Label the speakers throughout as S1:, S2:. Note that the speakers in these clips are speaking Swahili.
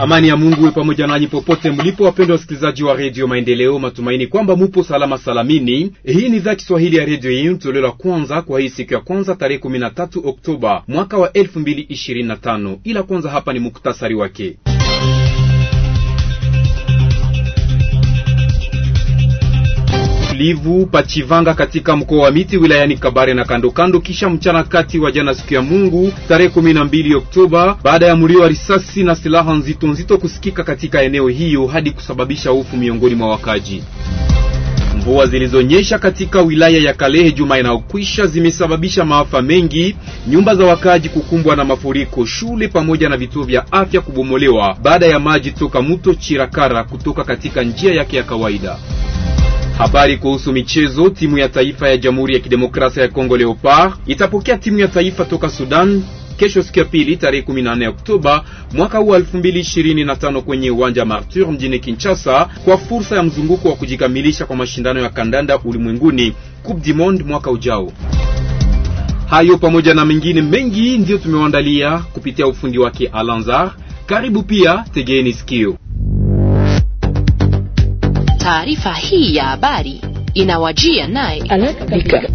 S1: Amani ya Mungu iwe pamoja nanyi popote mlipo, wapendwa wasikilizaji wa redio Maendeleo. Matumaini kwamba mupo salama salamini. Hii ni idhaa Kiswahili ya redio yenu, toleo la kwanza kwa hii siku ya kwanza tarehe 13 Oktoba mwaka wa 2025. Ila kwanza hapa ni muktasari wake. Bulivu Pachivanga katika mkoa wa Miti wilayani Kabare na kando kando, kisha mchana kati wa jana siku ya Mungu tarehe 12 Oktoba, baada ya mlio wa risasi na silaha nzito nzito kusikika katika eneo hiyo hadi kusababisha hofu miongoni mwa wakaji. Mvua zilizonyesha katika wilaya ya Kalehe juma inayokwisha zimesababisha maafa mengi, nyumba za wakaaji kukumbwa na mafuriko, shule pamoja na vituo vya afya kubomolewa baada ya maji toka mto Chirakara kutoka katika njia yake ya kawaida. Habari kuhusu michezo. Timu ya taifa ya Jamhuri ya Kidemokrasia ya Kongo Leopard itapokea timu ya taifa toka Sudan kesho siku ya pili tarehe 14 Oktoba mwaka huu 2025 kwenye uwanja Martyr mjini Kinshasa kwa fursa ya mzunguko wa kujikamilisha kwa mashindano ya kandanda ulimwenguni Coupe du Monde mwaka ujao. Hayo pamoja na mengine mengi ndiyo tumewaandalia kupitia ufundi wake Alanzar. Karibu pia, tegeeni sikio.
S2: Taarifa hii ya habari inawajia naye Bika.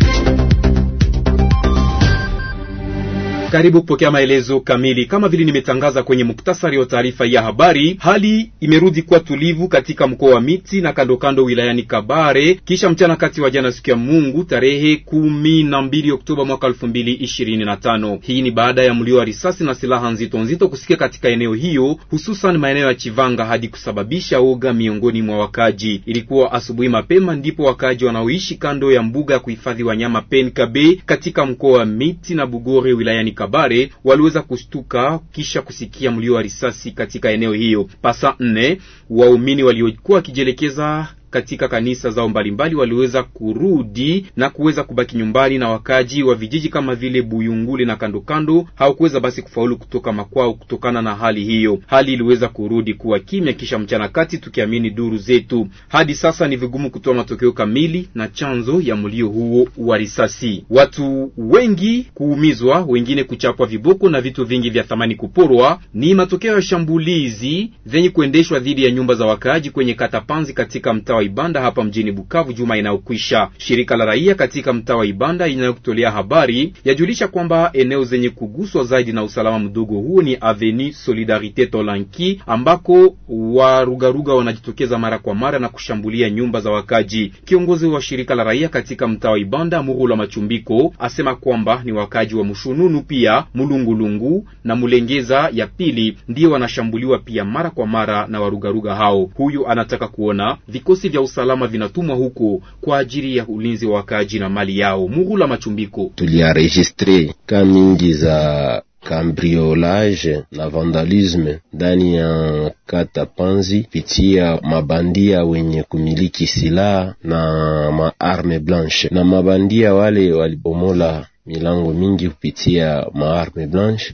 S1: Karibu kupokea maelezo kamili. Kama vile nimetangaza kwenye muktasari wa taarifa ya habari, hali imerudi kuwa tulivu katika mkoa wa Miti na kandokando kando wilayani Kabare kisha mchana kati wa jana siku ya Mungu tarehe kumi na mbili Oktoba mwaka elfu mbili ishirini na tano. Hii ni baada ya mlio wa risasi na silaha nzito nzito kusikia katika eneo hiyo, hususan maeneo ya Chivanga hadi kusababisha oga miongoni mwa wakaji. Ilikuwa asubuhi mapema ndipo wakaji wanaoishi kando ya mbuga ya kuhifadhi wanyama Penkabe katika mkoa wa Miti na Bugore wilayani Kabare waliweza kushtuka kisha kusikia mlio wa risasi katika eneo hiyo. Pasa nne waumini waliokuwa wakijielekeza katika kanisa zao mbalimbali waliweza kurudi na kuweza kubaki nyumbani, na wakaji wa vijiji kama vile buyunguli na kandokando hawakuweza basi kufaulu kutoka makwao kutokana na hali hiyo. Hali iliweza kurudi kuwa kimya kisha mchana kati, tukiamini duru zetu. Hadi sasa ni vigumu kutoa matokeo kamili na chanzo ya mlio huo wa risasi. Watu wengi kuumizwa, wengine kuchapwa viboko na vitu vingi vya thamani kuporwa, ni matokeo ya shambulizi zenye kuendeshwa dhidi ya nyumba za wakaaji kwenye kata Panzi katika mtaa Ibanda hapa mjini Bukavu juma inayokwisha. Shirika la raia katika mtaa wa Ibanda inayotolea habari yajulisha kwamba eneo zenye kuguswa zaidi na usalama mdogo huo ni Avenue Solidarite Tolanki, ambako warugaruga wanajitokeza mara kwa mara na kushambulia nyumba za wakaji. Kiongozi wa shirika la raia katika mtaa wa Ibanda Murula Machumbiko asema kwamba ni wakaji wa Mushununu pia Mulungulungu na Mulengeza ya pili ndiyo wanashambuliwa pia mara kwa mara na warugaruga hao. Huyu anataka kuona vikosi vya usalama vinatumwa huko kwa ajili ya ulinzi wa wakaaji na mali yao. murula Machumbiko,
S3: tuliaregistre ka mingi za cambriolage na vandalisme ndani ya kata Panzi kupitia mabandia wenye kumiliki silaha na maarme blanche, na mabandia wale walibomola milango mingi kupitia maarme blanche,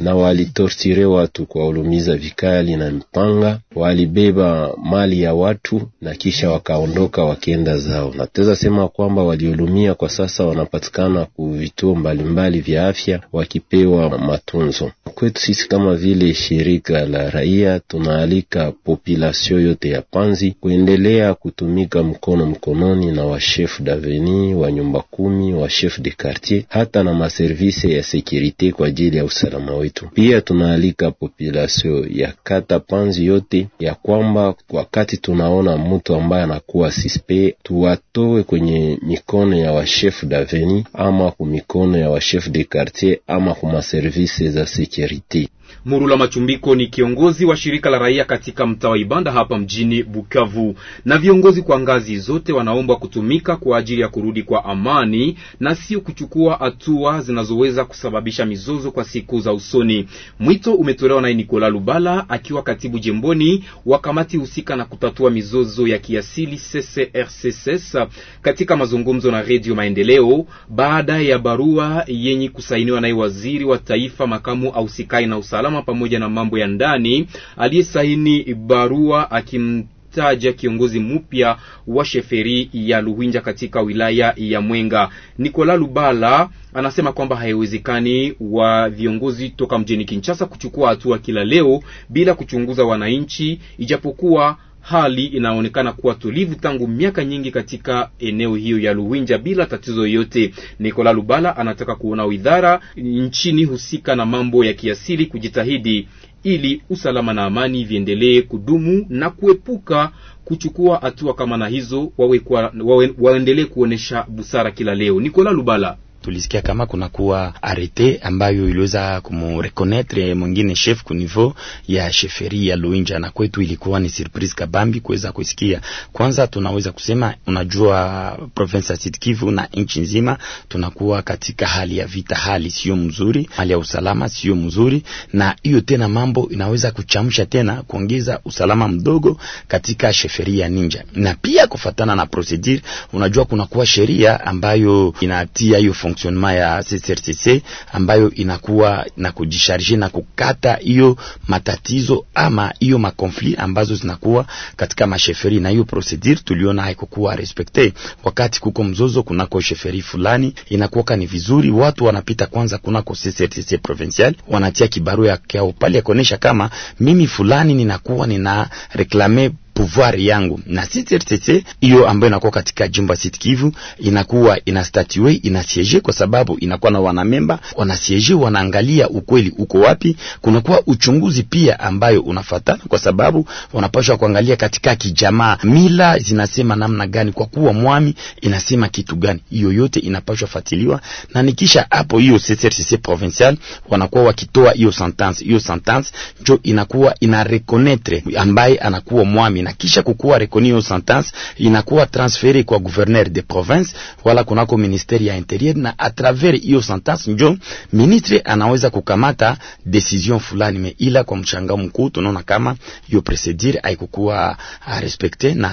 S3: na walitorture watu kwa ulumiza vikali na mpanga walibeba mali ya watu na kisha wakaondoka wakienda zao. Nateza sema kwamba waliulumia kwa sasa wanapatikana ku vituo mbalimbali vya afya wakipewa matunzo. Kwetu sisi kama vile shirika la raia, tunaalika populasio yote ya Panzi kuendelea kutumika mkono mkononi na chef daveni wa nyumba kumi, chef de quartier hata na maservisi ya sekirite kwa ajili ya usalama wetu. Pia tunaalika populasio ya kata Panzi yote ya kwamba wakati tunaona mtu ambaye anakuwa sispe, tuwatoe kwenye mikono ya washef daveni ama kumikono ya washef de quartier ama kumaservisi za sekirite.
S1: Murula Machumbiko ni kiongozi wa shirika la raia katika mtaa wa Ibanda hapa mjini Bukavu, na viongozi kwa ngazi zote wanaombwa kutumika kwa ajili ya kurudi kwa amani na sio kuchukua hatua zinazoweza kusababisha mizozo kwa siku za usoni. Mwito umetolewa naye Nikola Lubala akiwa katibu jimboni wa kamati husika na kutatua mizozo ya kiasili CCRCS katika mazungumzo na Redio Maendeleo baada ya barua yenye kusainiwa naye waziri wa taifa makamu ausikai na usalama usalama pamoja na mambo ya ndani aliyesaini barua akim taja kiongozi mpya wa sheferi ya Luhinja katika wilaya ya Mwenga. Nikola Lubala anasema kwamba haiwezekani wa viongozi toka mjini Kinshasa kuchukua hatua kila leo bila kuchunguza wananchi, ijapokuwa Hali inaonekana kuwa tulivu tangu miaka nyingi katika eneo hiyo ya Luwinja bila tatizo yoyote. Nikola Lubala anataka kuona idara nchini husika na mambo ya kiasili kujitahidi ili usalama na amani viendelee kudumu na kuepuka kuchukua hatua kama na hizo wawe kwa, wawe, waendelee kuonesha busara kila leo. Nikola Lubala
S4: tulisikia kama kuna kuwa arete ambayo iliweza kumrekonetre mwingine chef ku niveau ya sheferi ya Luinja, na kwetu ilikuwa ni surprise kabambi kuweza kusikia. Kwanza tunaweza kusema, unajua province ya Sud Kivu na nchi nzima tunakuwa katika hali ya vita, hali sio mzuri, hali ya usalama sio mzuri, na hiyo tena mambo inaweza kuchamsha tena kuongeza usalama mdogo katika sheferi ya Ninja, na pia kufatana na procedure, unajua kuna kuwa sheria ambayo inatia hiyo fonctionnement ya CCRTC ambayo inakuwa na kujisharge na kukata hiyo matatizo ama hiyo makonfli ambazo zinakuwa katika masheferi, na hiyo procedure tuliona haikukuwa respecte. Wakati kuko mzozo kunako sheferi fulani, inakuwa ni vizuri watu wanapita kwanza kunako CCRTC provincial, wanatia kibarua kiao pale kuonesha kama mimi fulani ninakuwa nina reklame pouvoir yangu na CCRTC hiyo ambayo inakuwa katika jumba Sud Kivu inakuwa ina statue ina siege kwa sababu inakuwa na wanamemba siege wanaangalia ukweli uko wapi. Kunakuwa uchunguzi pia ambayo unafatana, kwa sababu wanapaswa kuangalia katika kijamaa, mila zinasema namna gani, kwa kuwa mwami inasema kitu gani, hiyo yote inapaswa fatiliwa, na nikisha hapo hiyo CCRTC provincial wanakuwa wakitoa hiyo sentence, hiyo sentence ndio inakuwa ina reconnaître ambaye anakuwa mwami na kisha kukuwa reconnu sentence inakuwa transfere kwa gouverneur de province wala kunako ministeri ya interieur, na a travers hiyo sentence njo ministre anaweza kukamata decision fulani me, ila kwa mchanga mkuu tunaona kama hiyo procedure haikukuwa respecte, na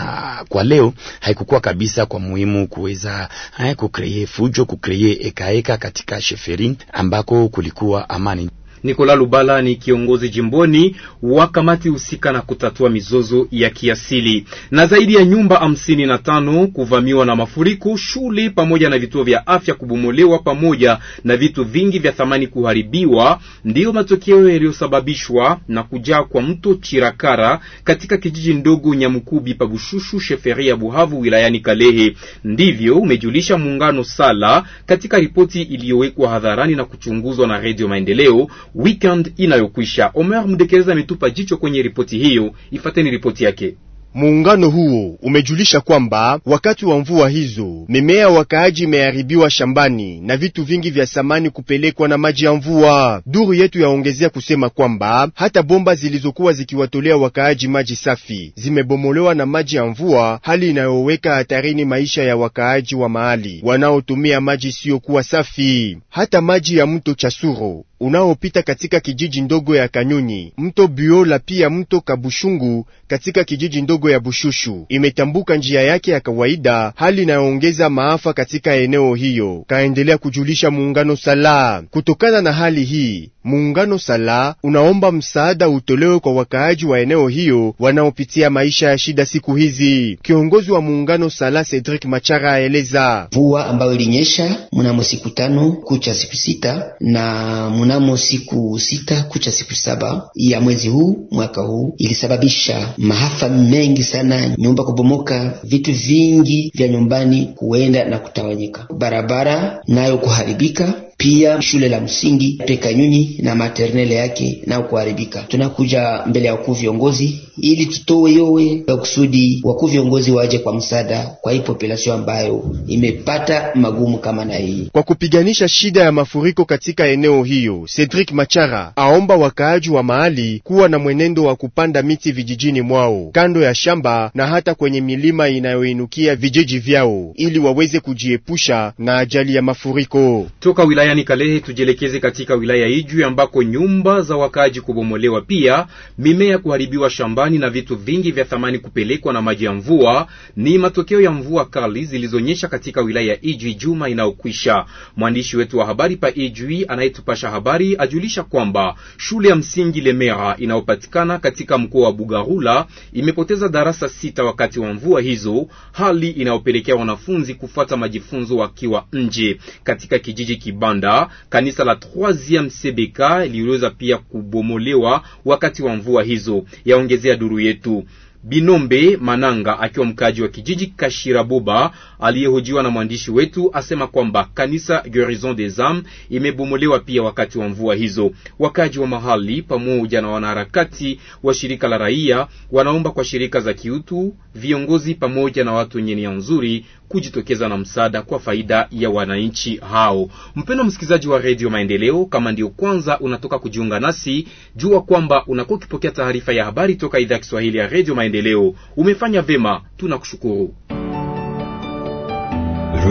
S4: kwa leo haikukuwa kabisa kwa muhimu kuweza kukreye fujo kukreye ekaeka katika sheferin ambako kulikuwa amani.
S1: Nikola Lubala ni kiongozi jimboni wa kamati husika na kutatua mizozo ya kiasili. Na zaidi ya nyumba hamsini na tano kuvamiwa na mafuriko, shule pamoja na vituo vya afya kubomolewa pamoja na vitu vingi vya thamani kuharibiwa, ndiyo matokeo yaliyosababishwa na kujaa kwa mto Chirakara katika kijiji ndogo Nyamukubi pabushushu sheferi ya Buhavu wilayani Kalehe. Ndivyo umejulisha muungano Sala katika ripoti iliyowekwa hadharani na kuchunguzwa na Redio Maendeleo weekend inayokwisha. Omer Mdekereza ametupa jicho kwenye ripoti hiyo, ifateni ripoti yake.
S5: Muungano huo umejulisha kwamba wakati wa mvua hizo mimea wakaaji imeharibiwa shambani na vitu vingi vya samani kupelekwa na maji ya mvua. Duru yetu yaongezea kusema kwamba hata bomba zilizokuwa zikiwatolea wakaaji maji safi zimebomolewa na maji ya mvua, hali inayoweka hatarini maisha ya wakaaji wa mahali wanaotumia maji isiyokuwa safi. Hata maji ya mto Chasuro unaopita katika kijiji ndogo ya Kanyunyi, mto Biola pia mto Kabushungu katika kijiji ndogo ya Bushushu imetambuka njia yake ya kawaida, hali inayoongeza maafa katika eneo hiyo, kaendelea kujulisha muungano Sala. Kutokana na hali hii, muungano Sala unaomba msaada utolewe kwa wakaaji wa eneo hiyo wanaopitia maisha ya shida siku hizi. Kiongozi wa muungano Sala Cedric Machara aeleza mvua ambayo ilinyesha mnamo siku tano kucha siku sita na muna mnamo siku sita kucha siku saba ya mwezi huu mwaka huu ilisababisha maafa mengi sana, nyumba kubomoka, vitu vingi vya nyumbani kuenda na kutawanyika, barabara nayo kuharibika pia shule la msingi Nyunyi na maternele yake nao kuharibika. Tunakuja mbele ya wakuu viongozi ili tutoe yowe ya kusudi wakuu viongozi waje kwa msaada kwa hii population ambayo imepata magumu kama na hii, kwa kupiganisha shida ya mafuriko katika eneo hiyo. Cedric Machara aomba wakaaji wa mahali kuwa na mwenendo wa kupanda miti vijijini mwao, kando ya shamba na hata kwenye milima inayoinukia vijiji vyao, ili waweze kujiepusha na ajali ya mafuriko.
S1: Toka wilaya wilayani Kalehe, tujielekeze katika wilaya Ijwi ambako nyumba za wakaaji kubomolewa, pia mimea kuharibiwa shambani na vitu vingi vya thamani kupelekwa na maji ya mvua. Ni matokeo ya mvua kali zilizonyesha katika wilaya Ijwi juma inayokwisha. Mwandishi wetu wa habari pa Ijwi anayetupasha habari ajulisha kwamba shule ya msingi Lemera inayopatikana katika mkoa wa Bugarula imepoteza darasa sita wakati wa mvua hizo, hali inayopelekea wanafunzi kufuata majifunzo wakiwa nje katika kijiji Kibanda Rwanda, kanisa la 3 CBK liliweza pia kubomolewa wakati wa mvua hizo, yaongezea duru yetu. Binombe Mananga akiwa mkaaji wa kijiji Kashiraboba aliyehojiwa na mwandishi wetu asema kwamba kanisa Guerison des Âmes imebomolewa pia wakati wa mvua hizo. Wakaaji wa mahali pamoja na wanaharakati wa shirika la raia wanaomba kwa shirika za kiutu, viongozi pamoja na watu wenye nia nzuri kujitokeza na msaada kwa faida ya wananchi hao. mpeno msikilizaji wa redio Maendeleo, kama ndio kwanza unatoka kujiunga nasi, jua kwamba unakuwa ukipokea taarifa ya habari toka idhaa ya Kiswahili ya redio Maendeleo. Umefanya vema, tunakushukuru.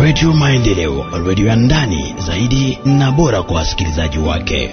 S4: Redio Maendeleo, redio ya ndani zaidi na bora kwa wasikilizaji wake.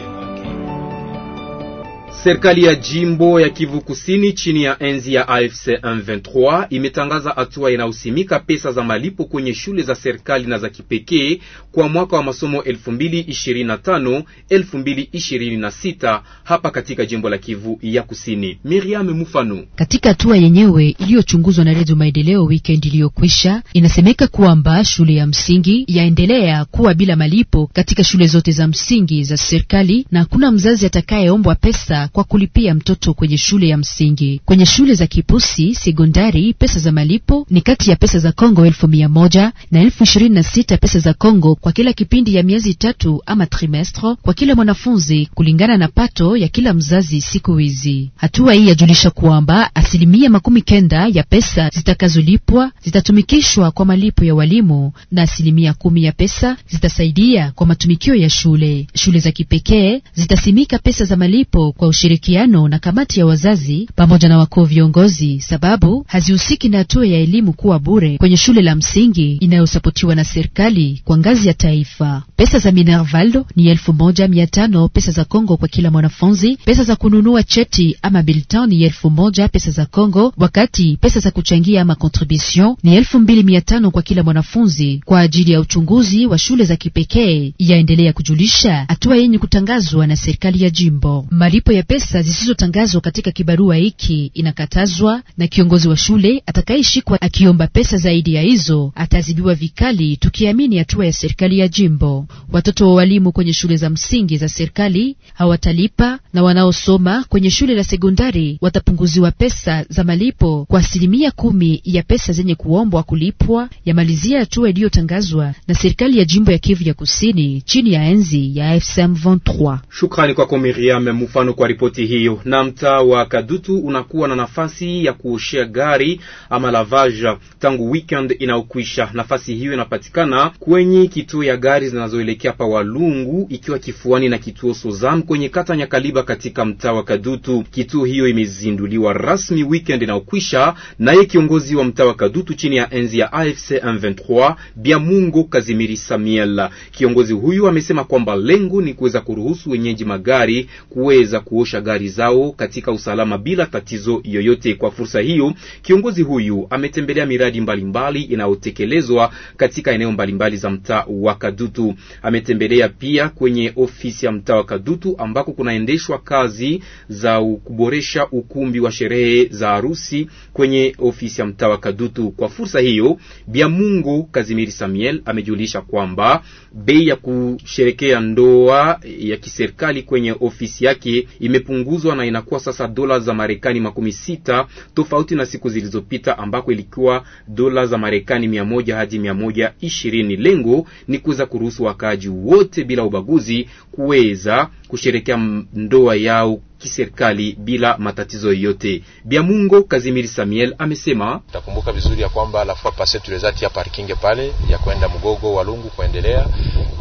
S1: Serikali ya jimbo ya Kivu Kusini chini ya enzi ya AFC M23 imetangaza hatua inayosimika pesa za malipo kwenye shule za serikali na za kipekee kwa mwaka wa masomo 2025 2026 hapa katika jimbo la Kivu ya Kusini. Miriam Mufano.
S2: Katika hatua yenyewe iliyochunguzwa na Redio Maendeleo weekend iliyokwisha, inasemeka kwamba shule ya msingi yaendelea kuwa bila malipo katika shule zote za msingi za serikali na hakuna mzazi atakayeombwa pesa kwa kulipia mtoto kwenye shule ya msingi. Kwenye shule za kipusi sekondari, pesa za malipo ni kati ya pesa za Kongo elfu mia moja na elfu ishirini na sita pesa za Kongo kwa kila kipindi ya miezi tatu ama trimestre kwa kila mwanafunzi kulingana na pato ya kila mzazi siku hizi. Hatua hii yajulisha kwamba asilimia makumi kenda ya pesa zitakazolipwa zitatumikishwa kwa malipo ya walimu na asilimia kumi ya pesa zitasaidia kwa matumikio ya shule. Shule za kipekee zitasimika pesa za malipo kwa ushirikiano na kamati ya wazazi pamoja na wakuu viongozi, sababu hazihusiki na hatua ya elimu kuwa bure kwenye shule la msingi inayosapotiwa na serikali kwa ngazi ya taifa. Pesa za Minervaldo ni elfu moja mia tano pesa za Kongo kwa kila mwanafunzi. Pesa za kununua cheti ama biltan ni elfu moja pesa za Kongo, wakati pesa za kuchangia ama contribution ni elfu mbili mia tano kwa kila mwanafunzi kwa ajili ya uchunguzi wa shule za kipekee. Yaendelea kujulisha hatua yenye kutangazwa na serikali ya jimbo malipo ya pesa zisizotangazwa katika kibarua hiki inakatazwa, na kiongozi wa shule atakayeshikwa akiomba pesa zaidi ya hizo ataazibiwa vikali, tukiamini hatua ya serikali ya jimbo. Watoto wa walimu kwenye shule za msingi za serikali hawatalipa na wanaosoma kwenye shule la sekondari watapunguziwa pesa za malipo kwa asilimia kumi ya pesa zenye kuombwa kulipwa, yamalizia hatua iliyotangazwa na serikali ya jimbo ya Kivu ya Kusini chini ya enzi ya AFC 23
S1: Shukrani kwako Miriam mfano kwa ripoti hiyo. Na mtaa wa Kadutu unakuwa na nafasi ya kuoshea gari ama lavaja tangu weekend inayokwisha. Nafasi hiyo inapatikana kwenye kituo ya gari zinazoelekea pa Walungu, ikiwa kifuani na kituo Sozam kwenye kata Nyakaliba katika mtaa wa Kadutu. Kituo hiyo imezinduliwa rasmi weekend inayokwisha, naye kiongozi wa mtaa wa Kadutu chini ya enzi ya AFC M23 Biamungo Kazimiri Samiela. Kiongozi huyu amesema kwamba lengo ni kuweza kuruhusu wenyeji magari kuweza kuosha kuepusha gari zao katika usalama bila tatizo yoyote. Kwa fursa hiyo, kiongozi huyu ametembelea miradi mbalimbali inayotekelezwa katika eneo mbalimbali za mtaa wa Kadutu. Ametembelea pia kwenye ofisi ya mtaa wa Kadutu ambako kunaendeshwa kazi za kuboresha ukumbi wa sherehe za harusi kwenye ofisi ya mtaa wa Kadutu. Kwa fursa hiyo, Biamungu Kazimiri Samuel amejulisha kwamba bei ya kusherekea ndoa ya kiserikali kwenye ofisi yake ime imepunguzwa na inakuwa sasa dola za Marekani makumi sita tofauti na siku zilizopita ambako ilikuwa dola za Marekani mia moja hadi mia moja ishirini. Lengo ni kuweza kuruhusu wakaaji wote bila ubaguzi kuweza kusherekea ndoa yao kiserikali bila matatizo yoyote. Biamungo Kazimir Samuel amesema, takumbuka vizuri ya kwamba la fois passé tous les ati ya parking pale ya kwenda Mgogo Walungu kuendelea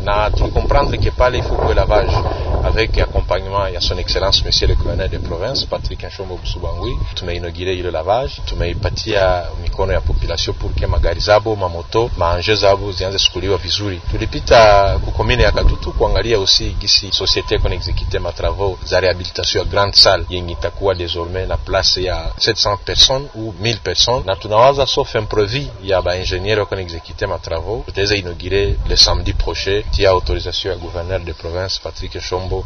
S1: na tulikomprendre que pale il faut que lavage avec accompagnement à son excellence monsieur le Gouverneur de province Patrick Nchombo Busubangui inauguré le lavage tumeipatia mikono ya population purke magari zabo mamoto manje zabo zianze sukuliwa vizuri tulipita kukomine ya Katutu kuangalia usi gisi societe kon execute matravaux za rehabilitation ya grande salle yenye itakuwa désormais na place ya 700 personnes ou 1000 personnes na tunawaza sauf qui ya exécuté kon travaux. travaux tutaweza inogire le samedi prochain tia autorisation ya gouverneur de province Patrick Nchombo humble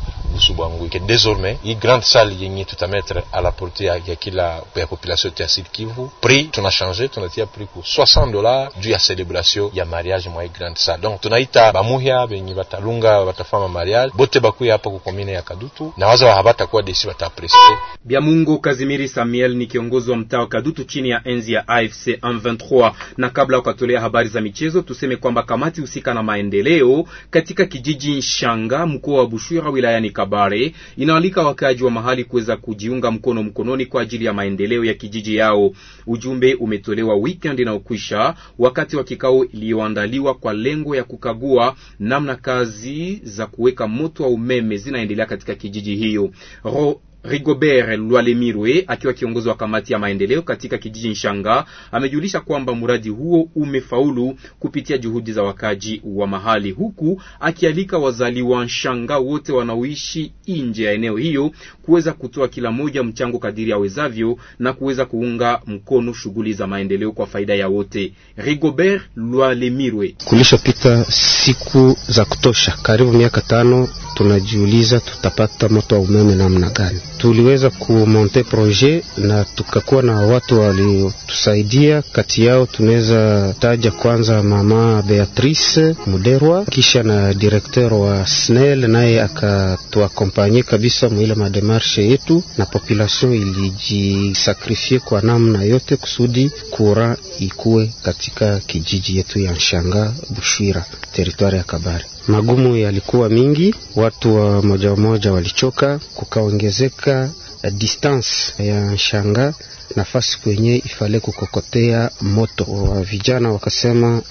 S1: que Désormais, une grande salle yenye tout à la portée à ya kila ya population de Tiasid Kivu, prix tu as pris pour 60 dollars célébration, il y a mariage mwa une grande salle. Donc tunaita bamuhya benye batalunga batafama mariage bote bakuya hapa ku komine ya Kadutu na waza habatakuwa desi batapreste. Biamungu Kazimiri Samuel ni kiongozi wa mtaa Kadutu chini ya enzi ya AFC M23. Na kabla wakatolea habari za michezo, tuseme kwamba kamati husika na maendeleo katika kijiji Nshanga mkoa wa Bushura wilayani Kabare inaalika wakaaji wa mahali kuweza kujiunga mkono mkononi kwa ajili ya maendeleo ya kijiji yao. Ujumbe umetolewa weekend inayokwisha wakati wa kikao iliyoandaliwa kwa lengo ya kukagua namna kazi za kuweka moto wa umeme zinaendelea katika kijiji hiyo Ro Rigobert Lwalemirwe akiwa kiongozi wa kamati ya maendeleo katika kijiji Nshanga amejulisha kwamba mradi huo umefaulu kupitia juhudi za wakaji wa mahali, huku akialika wazaliwa Nshanga wote wanaoishi nje ya eneo hiyo kuweza kutoa kila moja mchango kadiri awezavyo na kuweza kuunga mkono shughuli za maendeleo kwa faida ya wote. Rigobert Lwalemirwe:
S6: kulishopita siku za kutosha, karibu miaka tano, tunajiuliza tutapata moto wa umeme namna gani tuliweza kumonte projet na tukakuwa na watu waliotusaidia. Kati yao tunaweza taja kwanza mama Beatrice Muderwa, kisha na direkteur wa SNEL naye akatuakompanye kabisa mwile mademarshe yetu, na population ilijisakrifie kwa namna yote kusudi kura ikuwe katika kijiji yetu ya Nshanga Bushwira, teritwari ya Kabare. Magumu yalikuwa mingi, watu wa moja moja walichoka, kukaongezeka katika eh, distance ya shanga nafasi kwenye ifale kukokotea moto wa vijana wakasema,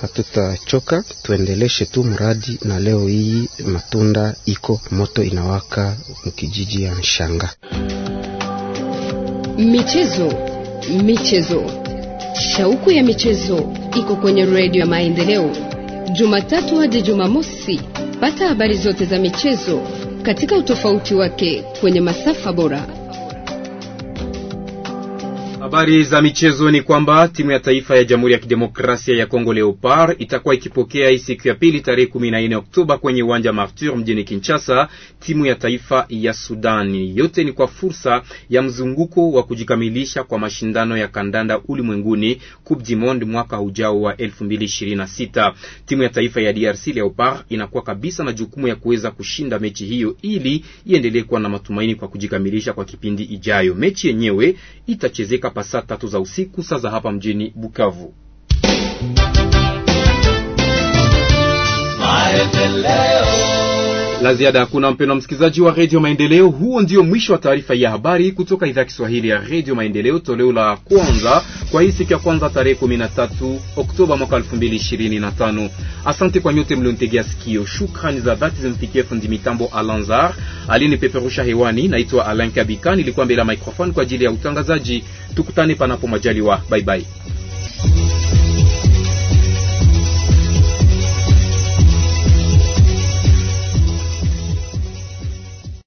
S6: hatutachoka tuendeleshe tu mradi, na leo hii matunda iko moto inawaka mkijiji ya Nshanga.
S2: Michezo, michezo, shauku ya michezo iko kwenye redio ya Maendeleo, Jumatatu hadi Jumamosi. Pata habari zote za michezo katika utofauti wake kwenye masafa bora.
S1: Habari za michezo ni kwamba timu ya taifa ya Jamhuri ya Kidemokrasia ya Kongo Leopard itakuwa ikipokea hii siku ya pili tarehe 14 Oktoba kwenye uwanja Martyr mjini Kinshasa timu ya taifa ya Sudani. Yote ni kwa fursa ya mzunguko wa kujikamilisha kwa mashindano ya kandanda ulimwenguni Coupe du Monde mwaka ujao wa 2026. Timu ya taifa ya DRC Leopard inakuwa kabisa na jukumu ya kuweza kushinda mechi hiyo ili iendelee kuwa na matumaini kwa kujikamilisha kwa kipindi ijayo. Mechi yenyewe itachezeka hapa saa tatu za usiku saa za hapa mjini Bukavu.
S3: Maendeleo.
S1: La ziada hakuna, mpendo wa msikilizaji wa redio Maendeleo. Huo ndio mwisho wa taarifa ya habari kutoka idhaa Kiswahili ya redio Maendeleo, toleo la kwanza kwa hii siku ya kwanza tarehe 13 Oktoba mwaka 2025. Asante kwa nyote mliontegea sikio. Shukrani za dhati zimfikie fundi mitambo Alanzar peperusha hewani. Naitwa Alan Kabika, nilikuwa mbele ya microphone kwa ajili ya utangazaji. Tukutane panapo majaliwa, bye bye.